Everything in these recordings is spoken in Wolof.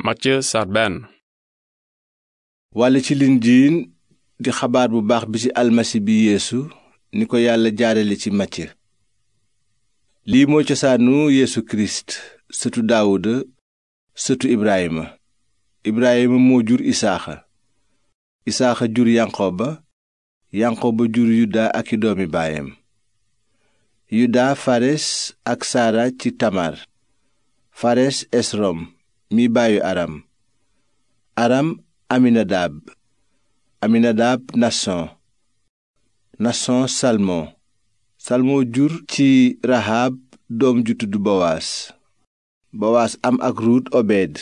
Matthieu saar benn walla ci lindiin di xabaar bu baax bi ci almasi bi yeesu ni ko yàlla jaarale ci Matthieu lii mooy cosaanu yéesu kirist sëtu daawuda sëtu ibraayima ibraayima moo jur isaaxa isaaxa jur yanqooba yanqooba jur yudaa ak i doomi baayam yudaa fares ak saara ci tamar fares esrom mi bàyyu aram aram aminadaab aminadaab nason nason salmon salmon jur ci rahab doom ju tudd bowaas bowaas am ak ruut obed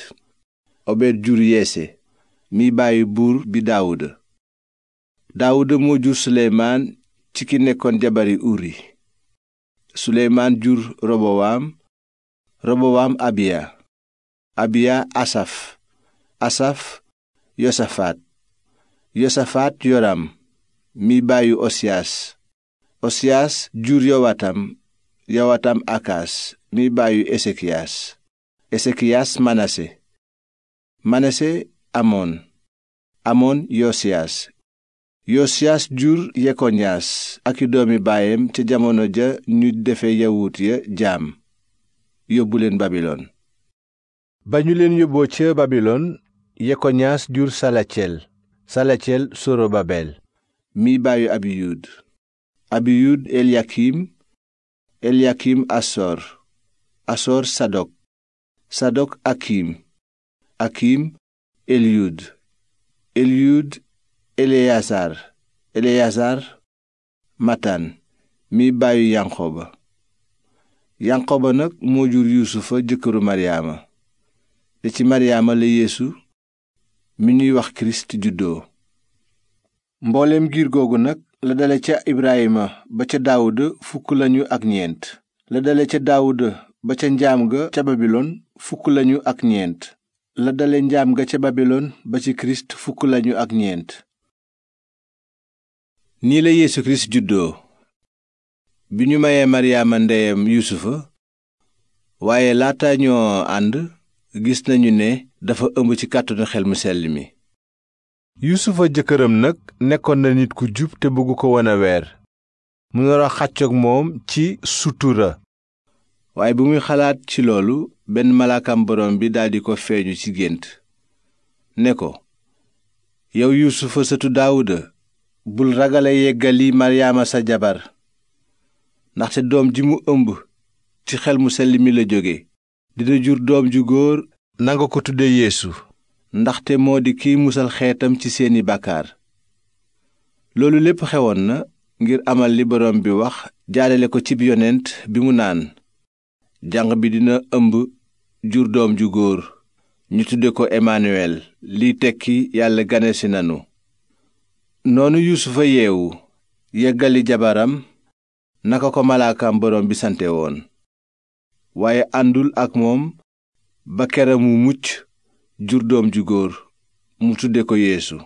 obed jur yeese mi bàyyi buur bi daawuda daawuda moo jur suleymaan ci ki nekkoon jabari uri suleymaan jur robowaam robowaam abiya abiya asaf asaf yosafaat yosafaat yoram mi bàyyu osiyaas osiyaas jur yowatam yowatam akaas mi bàyyu esekiyaas esekiyaas manase manase amoon amoon yosiyaas yosiyaas jur yekoñaas ak i doomi baayam ca jamono ja ñu defe yawut ya jaam yóbbu leen babilon ba ñu leen yóbboo ca babilon yekoñaas jur salatiel salatiel sorobabel mi bàyyu abiyud abiyud eliakim eliakim asor asor sadok sadok akim akim eliyud eliyud eleyasar eleyasar matan mi bàyyu yanqoba yanqoba nag moo jur yuusufa jëkkëru maryaama te ci maryaama la yeesu mi ñuy wax kirist juddoo mbooleem giir googu nag la dale ca ibrahima ba ca daawuda fukk lañu ak ñeent la dale ca daawuda ba ca njaam ga ca babilon fukk lañu ak ñeent la dale njaam ga ca babilon ba ci kirist fukk lañu ak ñeent nii la juddoo bi ñu mayee maryaama ndeyam waaye laata ñoo ànd gis nañu ne dafa ëmb ci kàttanu xel mu sell mi jëkkëram nag nekkoon na nit ku jub te bëgg ko wan weer mu nar a moom ci sutura waaye bi muy xalaat ci loolu benn malaakam borom bi daldi ko feeñu ci gént ne ko yow yuusufa sëtu daawuda bul ragale yeggali maryaama sa jabar ndaxte doom ji mu ëmb ci xel mu selli mi la jóge dina jur doom ju góor nanga ko tudde yeesu ndaxte moo di kiy musal xeetam ci seeni bàkkaar loolu lépp xewoon na ngir amal li borom bi wax jaalale ko cib yonent bi mu naan janq bi dina ëmb jur doom ju góor ñu tudde ko Emmanuel liy tekki yàlla ganesi nanu noonu yuusufa yeewu yeggali jabaram naka ko malaakam borom bi sante woon waaye àndul ak moom ba kera mu mucc jur doom ju góor mu tudde ko yéesu